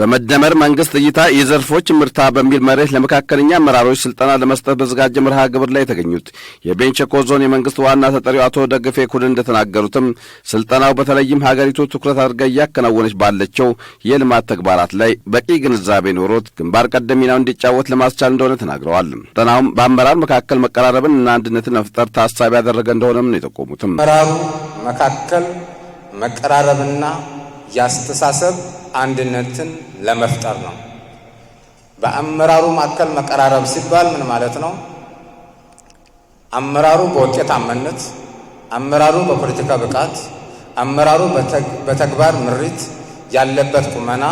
በመደመር መንግስት እይታ የዘርፎች ምርታ በሚል መሬት ለመካከለኛ አመራሮች ስልጠና ለመስጠት በዘጋጀ መርሃ ግብር ላይ የተገኙት የቤንቸኮ ዞን የመንግስት ዋና ተጠሪው አቶ ደግፌ ኩድን እንደተናገሩትም ስልጠናው በተለይም ሀገሪቱ ትኩረት አድርጋ እያከናወነች ባለቸው የልማት ተግባራት ላይ በቂ ግንዛቤ ኖሮት ግንባር ቀደም ሚናው እንዲጫወት ለማስቻል እንደሆነ ተናግረዋል። ስልጠናውም በአመራር መካከል መቀራረብን እና አንድነትን መፍጠር ታሳቢ ያደረገ እንደሆነም ነው የጠቆሙትም። አመራሩ መካከል መቀራረብና የአስተሳሰብ አንድነትን ለመፍጠር ነው። በአመራሩ መካከል መቀራረብ ሲባል ምን ማለት ነው? አመራሩ በውጤታማነት፣ አመራሩ በፖለቲካ ብቃት፣ አመራሩ በተግባር ምሪት ያለበት ቁመና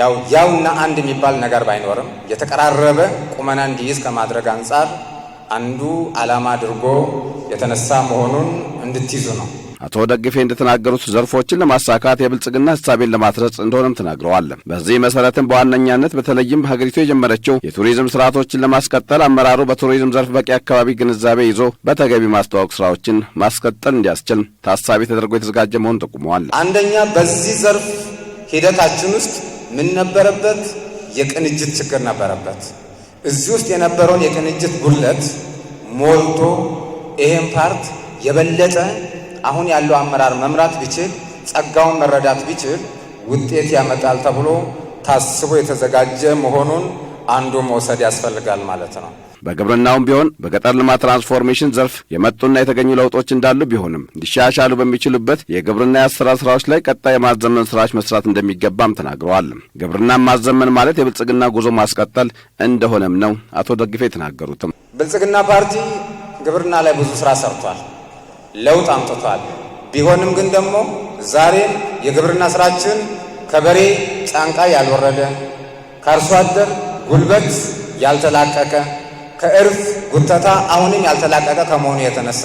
ያው ያውና አንድ የሚባል ነገር ባይኖርም የተቀራረበ ቁመና እንዲይዝ ከማድረግ አንጻር አንዱ ዓላማ አድርጎ የተነሳ መሆኑን እንድትይዙ ነው። አቶ ደግፌ እንደተናገሩት ዘርፎችን ለማሳካት የብልጽግና ህሳቤን ለማስረጽ እንደሆነም ተናግረዋል። በዚህ መሰረትም በዋነኛነት በተለይም ሀገሪቱ የጀመረችው የቱሪዝም ስርዓቶችን ለማስቀጠል አመራሩ በቱሪዝም ዘርፍ በቂ አካባቢ ግንዛቤ ይዞ በተገቢ ማስተዋወቅ ስራዎችን ማስቀጠል እንዲያስችል ታሳቢ ተደርጎ የተዘጋጀ መሆኑን ጠቁመዋል። አንደኛ በዚህ ዘርፍ ሂደታችን ውስጥ ምን ነበረበት? የቅንጅት ችግር ነበረበት። እዚህ ውስጥ የነበረውን የቅንጅት ጉድለት ሞልቶ ይሄን ፓርት የበለጠ አሁን ያለው አመራር መምራት ቢችል፣ ጸጋውን መረዳት ቢችል ውጤት ያመጣል ተብሎ ታስቦ የተዘጋጀ መሆኑን አንዱ መውሰድ ያስፈልጋል ማለት ነው። በግብርናውም ቢሆን በገጠር ልማት ትራንስፎርሜሽን ዘርፍ የመጡና የተገኙ ለውጦች እንዳሉ ቢሆንም ሊሻሻሉ በሚችሉበት የግብርና የአሰራር ስራዎች ላይ ቀጣይ የማዘመን ስራዎች መስራት እንደሚገባም ተናግረዋል። ግብርናን ማዘመን ማለት የብልጽግና ጉዞ ማስቀጠል እንደሆነም ነው አቶ ደግፌ የተናገሩትም። ብልጽግና ፓርቲ ግብርና ላይ ብዙ ስራ ሰርቷል። ለውጥ አምጥቷል። ቢሆንም ግን ደግሞ ዛሬም የግብርና ስራችን ከበሬ ጫንቃ ያልወረደ ከአርሶ አደር ጉልበት ያልተላቀቀ ከእርፍ ጉተታ አሁንም ያልተላቀቀ ከመሆኑ የተነሳ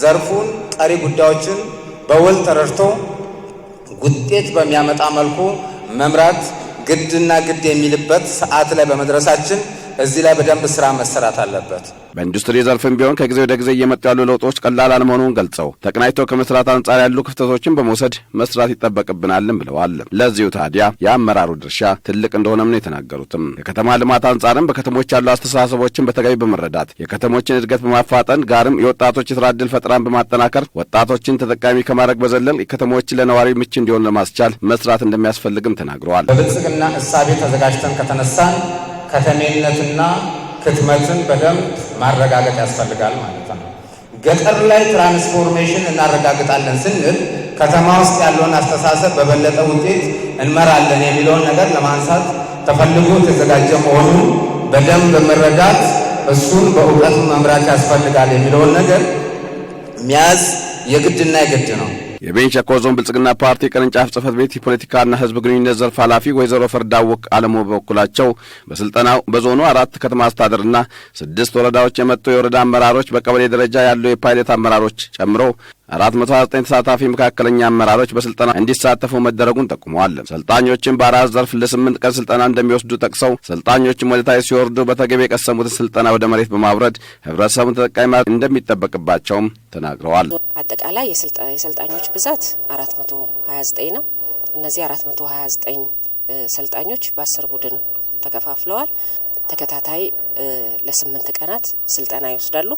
ዘርፉን ቀሪ ጉዳዮችን በውል ተረድቶ ውጤት በሚያመጣ መልኩ መምራት ግድና ግድ የሚልበት ሰዓት ላይ በመድረሳችን እዚህ ላይ በደንብ ስራ መሰራት አለበት። በኢንዱስትሪ ዘርፍም ቢሆን ከጊዜ ወደ ጊዜ እየመጡ ያሉ ለውጦች ቀላል አለመሆኑን ገልጸው ተቀናጅተው ከመስራት አንጻር ያሉ ክፍተቶችን በመውሰድ መስራት ይጠበቅብናልም ብለዋል። ለዚሁ ታዲያ የአመራሩ ድርሻ ትልቅ እንደሆነም ነው የተናገሩትም። ከከተማ ልማት አንጻርም በከተሞች ያሉ አስተሳሰቦችን በተገቢ በመረዳት የከተሞችን እድገት በማፋጠን ጋርም የወጣቶች የስራ ድል ፈጠራን በማጠናከር ወጣቶችን ተጠቃሚ ከማድረግ በዘለል ከተሞችን ለነዋሪ ምች እንዲሆን ለማስቻል መስራት እንደሚያስፈልግም ተናግረዋል። በብልጽግና እሳቤ ተዘጋጅተን ከተነሳን ከተሜነትና ክትመትን በደንብ ማረጋገጥ ያስፈልጋል ማለት ነው። ገጠር ላይ ትራንስፎርሜሽን እናረጋግጣለን ስንል ከተማ ውስጥ ያለውን አስተሳሰብ በበለጠ ውጤት እንመራለን የሚለውን ነገር ለማንሳት ተፈልጎ የተዘጋጀ መሆኑን በደንብ በመረዳት እሱን በእውቀት መምራት ያስፈልጋል የሚለውን ነገር ሚያዝ የግድና የግድ ነው። የቤንች ሸኮ ዞን ብልጽግና ፓርቲ ቅርንጫፍ ጽህፈት ቤት የፖለቲካና ህዝብ ግንኙነት ዘርፍ ኃላፊ ወይዘሮ ፈርዳወቅ አለሙ በበኩላቸው በስልጠናው በዞኑ አራት ከተማ አስተዳደርና ስድስት ወረዳዎች የመጡ የወረዳ አመራሮች በቀበሌ ደረጃ ያሉ የፓይለት አመራሮች ጨምሮ አራት መቶ ዘጠኝ ተሳታፊ መካከለኛ አመራሮች በስልጠና እንዲሳተፉ መደረጉን ጠቁመዋል። ሰልጣኞችም በአራት ዘርፍ ለስምንት ቀን ስልጠና እንደሚወስዱ ጠቅሰው ሰልጣኞችም ወደ ታች ሲወርዱ በተገቢ የቀሰሙትን ስልጠና ወደ መሬት በማውረድ ህብረተሰቡን ተጠቃሚ ማድረግ እንደሚጠበቅባቸውም ተናግረዋል። አጠቃላይ የሰልጣኞች ብዛት አራት መቶ ሀያ ዘጠኝ ነው። እነዚህ አራት መቶ ሀያ ዘጠኝ ሰልጣኞች በአስር ቡድን ተከፋፍለዋል። ተከታታይ ለስምንት ቀናት ስልጠና ይወስዳሉ።